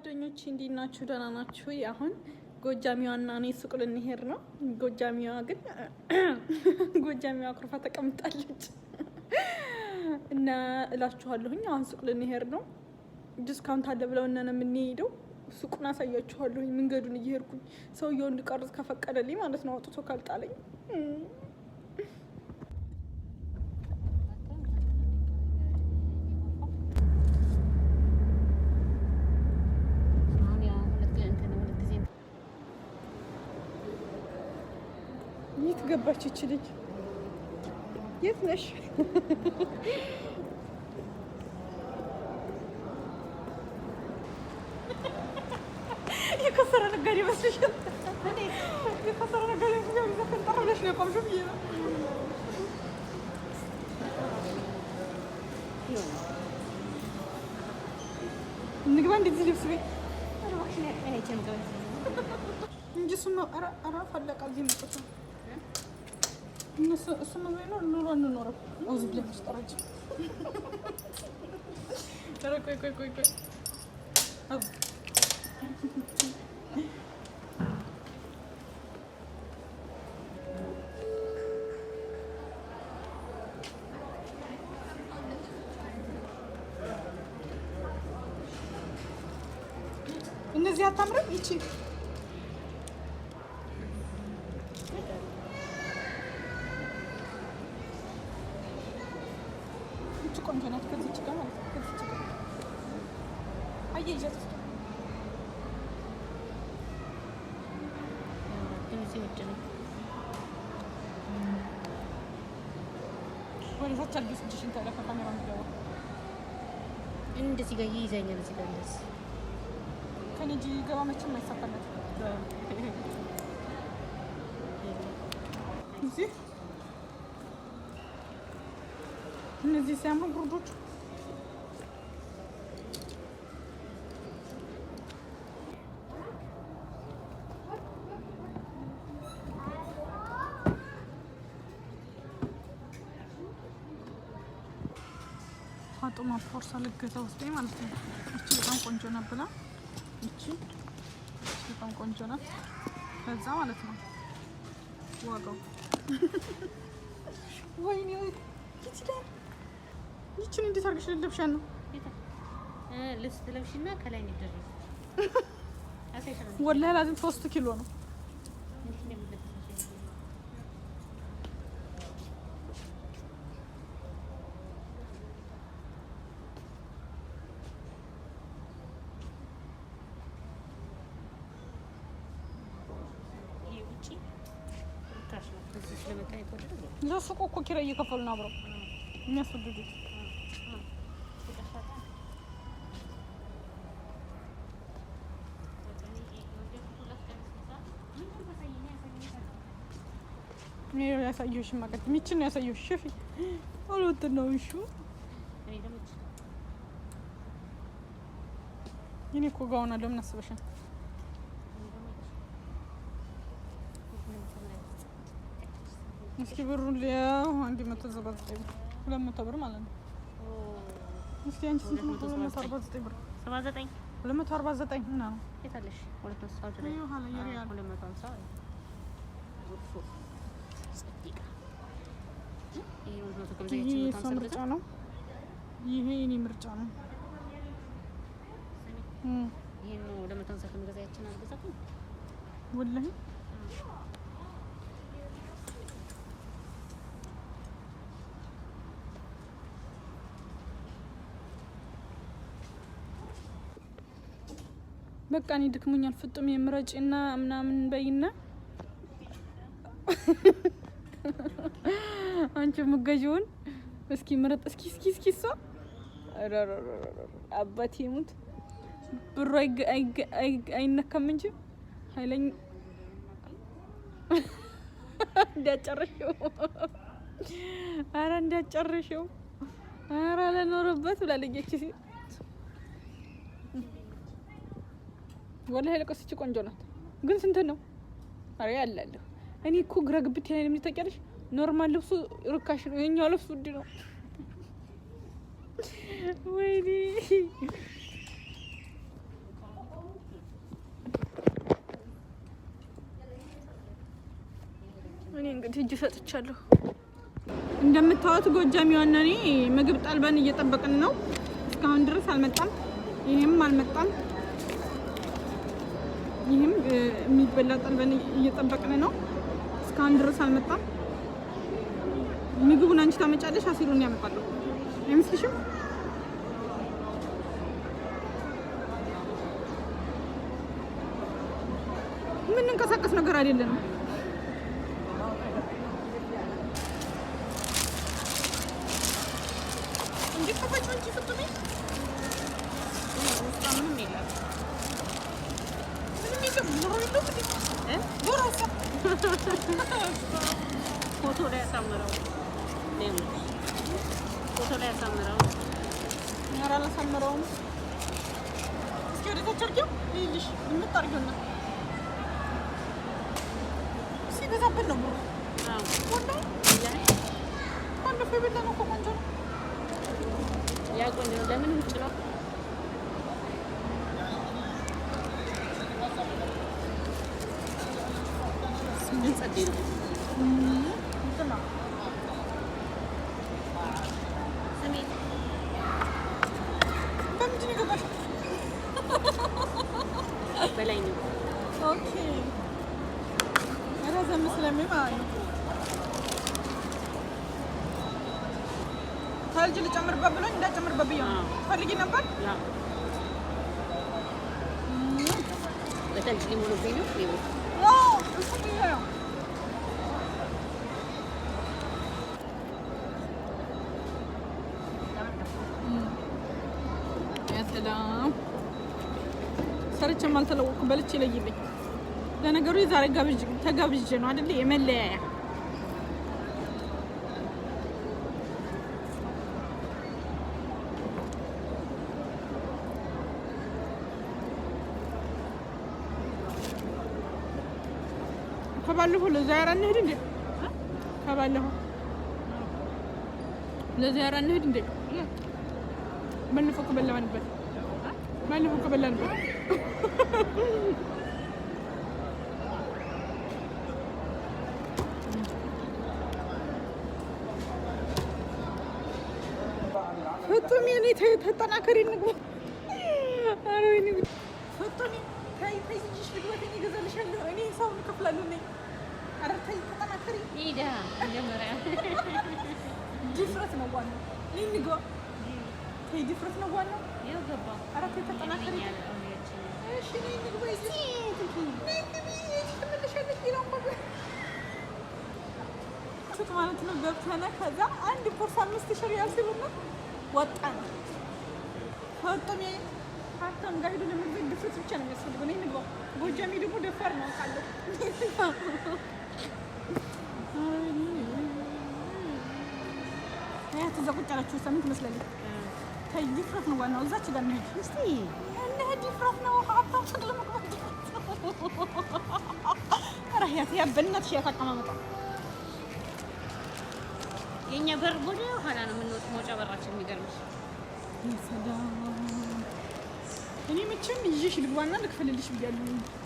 ጓደኞች እንዴት ናችሁ? ደህና ናችሁ? አሁን እና እኔ ሱቅ ልንሄድ ነው። ጎጃሚዋ ግን ጎጃሚዋ ኩርፋ ተቀምጣለች እና እላችኋለሁኝ። አሁን ሱቅ ልንሄድ ነው። ዲስካውንት አለ ብለው እና የምንሄደው። ሱቁን አሳያችኋለሁኝ መንገዱን እየሄድኩኝ ሰውየው እንድቀርጽ ከፈቀደልኝ ማለት ነው አውጥቶ ካልጣለኝ Yitgabaççilik. Yetmiş. Яка сарана гаріва священна. Яка сарана гаріва священна. Там шляпом жов'є. Ne güven dizili bir أنا بخلي أنا تنقل. نجسم أرى أرى فلك عظيم እሱም ኑሮ እንኖረው አውዝ ብለን ውስጠራጭ ቆይ ቆይ ቆይ ቆይ እነዚህ አታምርም ይቺ ቆንጆ ናት። ከዚች ጋር ማለት ነው። ከዚች ጋር አየህ ይዣት እስኪ እንደዚህ ጋር ይይዘኛል። እዚህ ጋር እንደዚህ ከኔ እጅ ገባ መቼም አይሳካለት እነዚህ ሲያምሩ ጉርዶች ፋጡማ ፖርሳ ልገዛ ውስጤ ማለት ነው። እቺ በጣም ቆንጆ ናት ብላ እቺ በጣም ቆንጆ ናት በዛ ማለት ነው ዋጋው ወይኔ ይችን እንዴት አድርገሽ ልለብሻት ነው? ልብስ ትለብሽና ከላይ ነው ድረስ ወላሂ ላዚም ሶስት ኪሎ ነው። ለሱቁ እኮ ኪራይ እየከፈሉ ነው አብረው የሚያስወድዱት ያሳየሽ ማቀድም ይችን ያሳየሽ ሽፊ አሎት ነው እሹ እኔ እኮ ጋውና ለምን አስበሻል? እስኪ ብሩን ሊያው አንድ መቶ ዘጠኝ ብር ሁለት መቶ ብር ማለት ነው። እስኪ አንቺ ስንት መቶ ሁለት መቶ አርባ ዘጠኝ ብር ሰባ ዘጠኝ ሁለት መቶ አርባ ዘጠኝ የታለሽ ሁለት መቶ ሰባ ዘጠኝ ሁለት መቶ ሀምሳ ምርጫ ነው። ይሄ የኔ ምርጫ ነው። ወላሂ በቃ እኔ ድክሞኛል። ፍጡም የምረጭና ምናምን በይና አንቺ የምትገዢውን እስኪ ምረጥ። እስኪ እስኪ እስኪ እሷ አባቴ ሙት ብሩ አይነካም እንጂ ኃይለኛ እንዳጨርሽው አረ እንዳጨርሽው አረ ለኖረበት ብላለች። ወላሂ ለቀስች ቆንጆ ናት፣ ግን ስንት ነው? አረ ያላለሁ እኔ እኮ ግራ ግብት ያለኝ ምን ታውቂያለሽ? ኖርማል ልብሱ ርካሽ ነው፣ የኛው ልብስ ውድ ነው። ወይኔ እኔ እንግዲህ እጅ ሰጥቻለሁ። እንደምታዩት ጎጃሚዋና የሆነ እኔ ምግብ ጠልበን እየጠበቅን ነው። እስካሁን ድረስ አልመጣም፣ ይህም አልመጣም። ይህም የሚበላ ጠልበን እየጠበቅን ነው። እስካሁን ድረስ አልመጣም። ምግቡን አንቺ ታመጫለሽ፣ አሲሩን ያመጣለሁ አይመስልሽም? የምንንቀሳቀስ ነገር አይደለም። ፎቶ ላይ ያሳምረው ፎቶ ላይ አሳምረው ኧረ አላሳምረውም። እስኪ ወደ ታች አድርጊው። ይኸውልሽ አድርጊውና ሲበዛብን ነው ብሩ ቆንጆ ነው። ያ ቆንጆ ነው። ለምን ውጭ ነው? ምን ከልጅ ልጨምርበት ብሎኝ እንዳጨምርበት ብዬ ነው ፈልጊ ነበር። በተልጅ ሊሆኑብኝ ነው እሱ ነው ሰርቼም አልተለወኩም። በልቼ ይለይልኝ። ለነገሩ የዛሬ ተጋብዤ ነው አይደል የመለያያ ከባለፈው ለዛ ያራ እንሂድ እንዴ? ከባለፈው ለዛ ያራ እንዴ? ባለፈው ከበላንበት ባለፈው ከበላንበት ፍጡም የኔ ተጠናከሪ ንግቡ አረ ንግቡ ፍጡም ተይ ተይ ልጅሽ ልግበት እኔ እገዛልሻለሁ እኔ ሰውን እከፍላለሁ ነኝ ድፍረት ነው ዋናው። ንግባ ድፍረት ነው ዋናው። ማለት ነው ገብተነ ከዛ አንድ ቦርሳ አምስት ሺህ ሪያል ሲሉና ወጣ ነው ሀብታም ጋር ሄዶ ድፍረት ብቻ ነው የሚያስፈልገው። ንግባ ጎጃሜ ደግሞ ደፋር ነው አውቃለሁ። ያት እዛ ቁጭ ያለችው ሳምንት ትመስላለች። ተይ ዲፍረት ነው ዋናው። እዛች ጋር እንሂድ እስቲ እንሂድ። ዲፍረት ነው ሀብታም ስድል መግባት ረህያት ያ በእናትሽ ያት አቀማመጣ የእኛ በር ወደ ኋላ ነው የምንወጥ መውጫ በራችን የሚገርምሽ እኔ መቼም ይዤሽ ልግባና ልክፈልልሽ ብያለሁ።